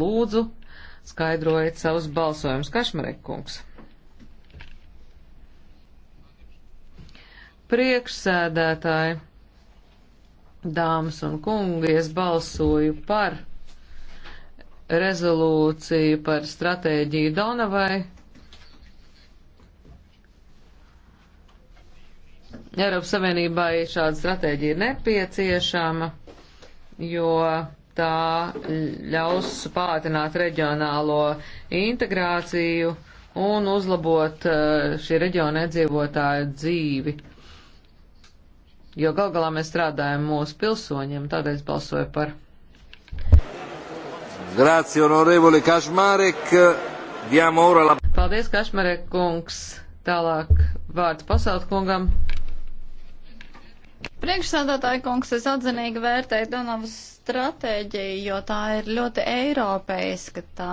Lūdzu, skaidrojiet savus balsojumus, Kašmarek kungs. Priekšsēdētāji, dāmas un kungi, es balsoju par rezolūciju par stratēģiju Donavai. Eiropas Savienībai šāda stratēģija ir nepieciešama, jo tā ļaus pātrināt reģionālo integrāciju un uzlabot eh, šī reģiona iedzīvotāju dzīvi. Jo gal galā mēs strādājam mūsu pilsoņiem, tādēļ es balsoju par. Grazie, onorevoli Kašmarek. Diamo ora la... Paldies, Kašmarek kungs. Tālāk vārds pasaut kungam. Priekšsēdētāji kungs, es atzinīgi vērtēju Donavas stratēģiju, jo tā ir ļoti eiropeiska. Tā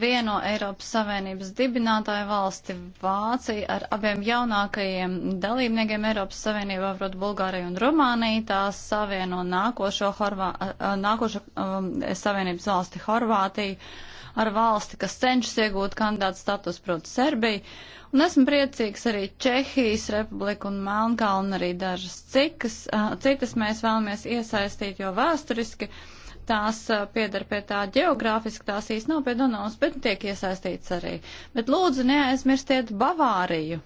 vieno Eiropas Savienības dibinātāju valsti Vācija ar abiem jaunākajiem dalībniekiem Eiropas Savienībā, proti Bulgāriju un Rumāniju, tā savieno nākošo, Horvā, nākošo um, Savienības valsti Horvātiju ar valsti, kas cenšas iegūt kandidātu status, proti Serbiju. Un esmu priecīgs arī Čehijas republiku un Melnkalnu arī dažas cikas, citas mēs vēlamies iesaistīt, jo vēsturiski tās piedar pie tā geogrāfiski, tās īsti nav pie Donavas, bet tiek iesaistīts arī. Bet lūdzu neaizmirstiet Bavāriju.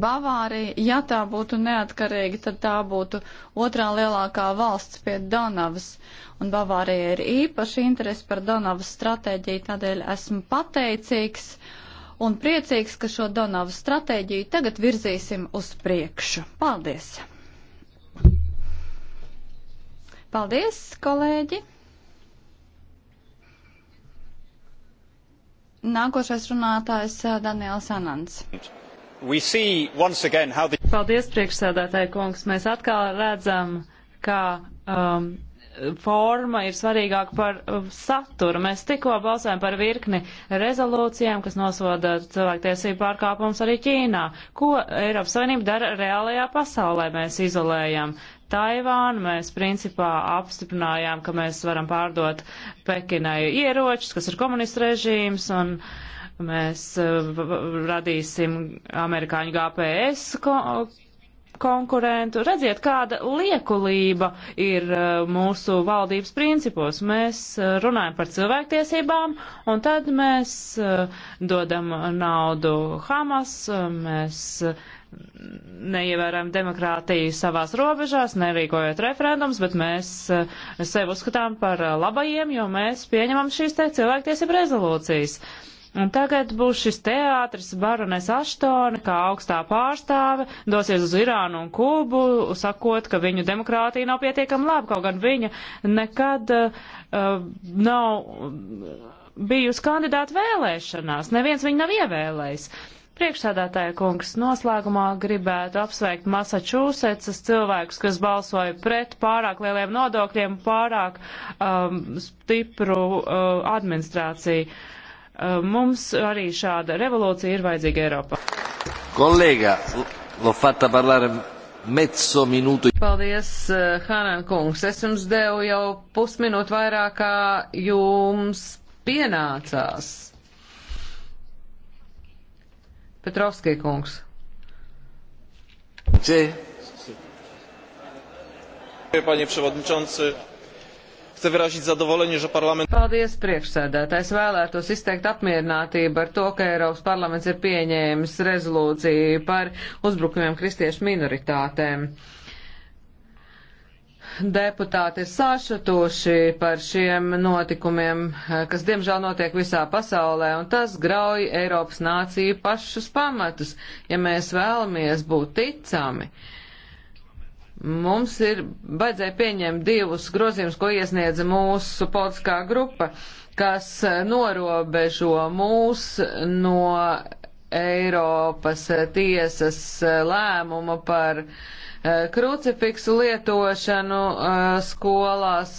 Bavārija, ja tā būtu neatkarīga, tad tā būtu otrā lielākā valsts pie Donavas. Un Bavārija ir īpaši interesi par Donavas stratēģiju, tādēļ esmu pateicīgs un priecīgs, ka šo Donavas stratēģiju tagad virzīsim uz priekšu. Paldies! Paldies, kolēģi! Nākošais runātājs uh, Daniels Anants. Jums the... Paldies, priekšsēdētāji kungs. Mēs atkal redzam, ka um, forma ir svarīgāka par um, saturu. Mēs tikko balsojam par virkni rezolūcijām, kas nosoda cilvēktiesību pārkāpums arī Ķīnā. Ko Eiropas Savienība dara reālajā pasaulē? Mēs izolējam Taivānu, mēs principā apstiprinājām, ka mēs varam pārdot Pekinai ieročus, kas ir komunistu režīms. Un, uh, Mēs eh, radīsim amerikāņu GPS ko konkurentu. Redziet, kāda liekulība ir eh, mūsu valdības principos. Mēs eh, runājam par cilvēktiesībām, un tad mēs dodam naudu Hamas, mēs neievēram demokrātiju savās robežās, nerīkojot referendums, bet mēs sevi uzskatām par labajiem, jo mēs pieņemam šīs te cilvēktiesību rezolūcijas. Uh, Un tagad būs šis teātris, barones Aštone, kā augstā pārstāve, dosies uz Irānu un Kubu, sakot, ka viņu demokrātija nav pietiekama laba, kaut gan viņa nekad uh, nav bijusi kandidāta vēlēšanās, neviens viņu nav ievēlējis. Priekšsādātāja kungs noslēgumā gribētu apsveikt Massachusettsas cilvēkus, kas balsoja pret pārāk lieliem nodokļiem, pārāk um, stipru uh, administrāciju. Uh, Eh, mums arī šāda revolūcija ir vajadzīga Eiropā. Kolēģa, lo fatta parlare mezzo minūtu. Paldies, eh, Hanan kungs. Es jums devu jau pusminūtu vairāk, kā jums pienācās. Petrovskij kungs. Če. Panie przewodniczący, chcę wyrazić zadowolenie, że parlament. Paldies, priekšsēdētājs. Vēlētos izteikt apmierinātību ar to, ka Eiropas parlaments ir pieņēmis rezolūciju par uzbrukumiem kristiešu minoritātēm. Deputāti ir sašutuši par šiem notikumiem, kas diemžēl notiek visā pasaulē, un tas grauj Eiropas nāciju pašus pamatus, ja mēs vēlamies būt ticami. Uh, Mums ir baidzēja pieņemt divus grozījumus, ko iesniedza mūsu politiskā grupa, kas norobežo mūs no Eiropas tiesas lēmuma par eh, krucifiksu lietošanu eh, skolās,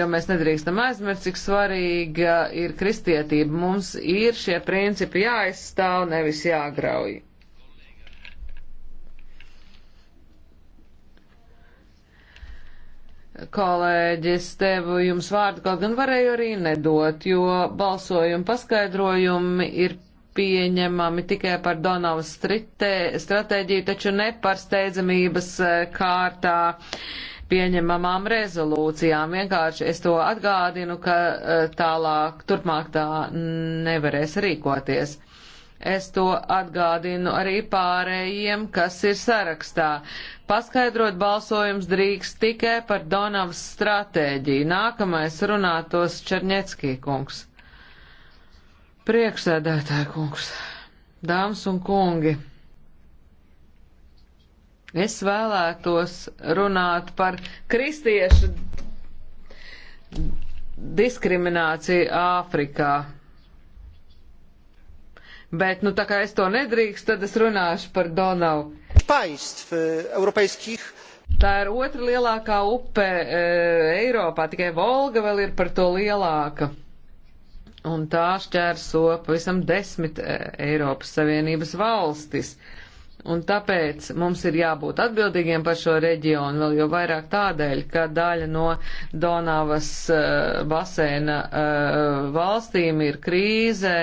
jo mēs nedrīkstam aizmirst, cik svarīga ir kristietība. Mums ir šie principi jāizstāv, nevis jāgrauj. kolēģis, devu jums vārdu, kaut gan varēju arī nedot, jo balsojuma paskaidrojumi ir pieņemami tikai par Donavas stratēģiju, taču ne par steidzamības eh, kārtā pieņemamām rezolūcijām. Vienkārši es to atgādinu, ka eh, tālāk, turpmāk tā nevarēs rīkoties. Es to atgādinu arī pārējiem, kas ir sarakstā. Paskaidrot balsojums drīkst tikai par Donavas stratēģiju. Nākamais runātos Černiecki kungs. Prieksēdētāja kungs, dāmas un kungi, es vēlētos runāt par kristiešu diskrimināciju Āfrikā. Bet, nu, tā kā es to nedrīkst, tad es runāšu par Donavu państw e, europejskich. Tā ir otra lielākā upe e, Eiropā, tikai Volga vēl ir par to lielāka. Un tā šķērso pavisam desmit e, Eiropas Savienības valstis. E, Un tāpēc mums ir jābūt atbildīgiem par šo reģionu, vēl jau vairāk tādēļ, ka daļa no Donavas uh, basēna uh, valstīm ir krīze,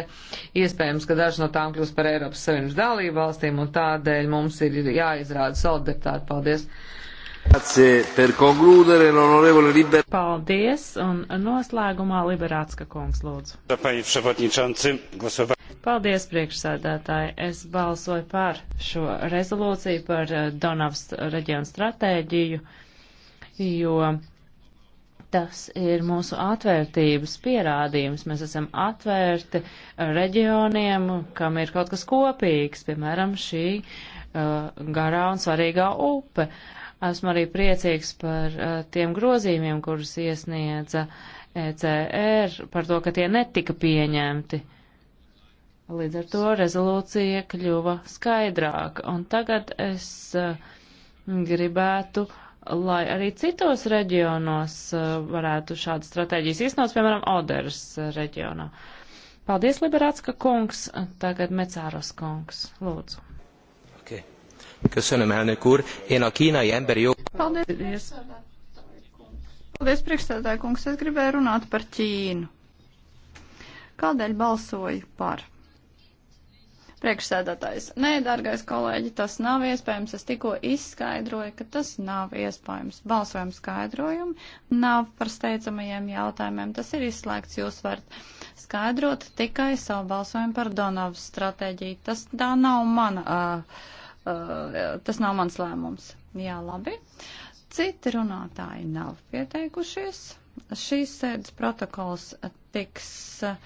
iespējams, ka daži no tām kļūs par Eiropas Savienības dalību valstīm, un tādēļ mums ir jāizrāda solidaritāte. Paldies! Uh, Paldies, un noslēgumā Liberācka kungs lūdzu. Paldies, priekšsēdētāji. Es balsoju par šo rezolūciju par eh, Donavas reģionu stratēģiju, jo tas ir mūsu atvērtības pierādījums. Mēs esam atvērti reģioniem, kam ir kaut kas kopīgs, piemēram, šī uh, garā un svarīgā upe. Uh, Esmu arī priecīgs par eh, tiem grozījumiem, kurus iesniedza ECR, par to, ka tie netika pieņemti. Līdz ar to rezolūcija kļuva skaidrāka. Un tagad es eh, gribētu, lai arī citos reģionos eh, varētu šādas stratēģijas īstenot, piemēram, Oderas reģionā. Paldies, Liberācka kungs, tagad Mecāros kungs, lūdzu. Köszönöm, elnök úr. Én a kínai emberi jog... Paldies. Paldies, priekšstādāja kungs. Es gribēju runāt par Ķīnu. Kādēļ balsoju par? Priekšsēdētājs, nē, dārgais kolēģi, tas nav iespējams. Es tikko izskaidroju, ka tas nav iespējams. Balsojuma skaidrojumi nav par steidzamajiem jautājumiem. Tas ir izslēgts. Jūs varat skaidrot tikai savu balsojumu par Donavas stratēģiju. Tas tā nav mana. Uh, Eh, tas nav mans lēmums. Jā, labi. Citi runātāji nav pieteikušies. Šīs sēdes protokols tiks eh,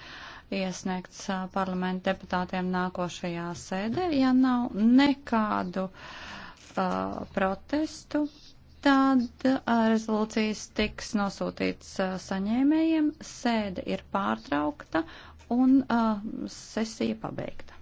iesniegts eh, parlamenta deputātiem nākošajā sēdē. Ja nav nekādu uh, protestu, tad rezolūcijas tiks nosūtīts saņēmējiem, sēde ir pārtraukta un uh, sesija pabeigta.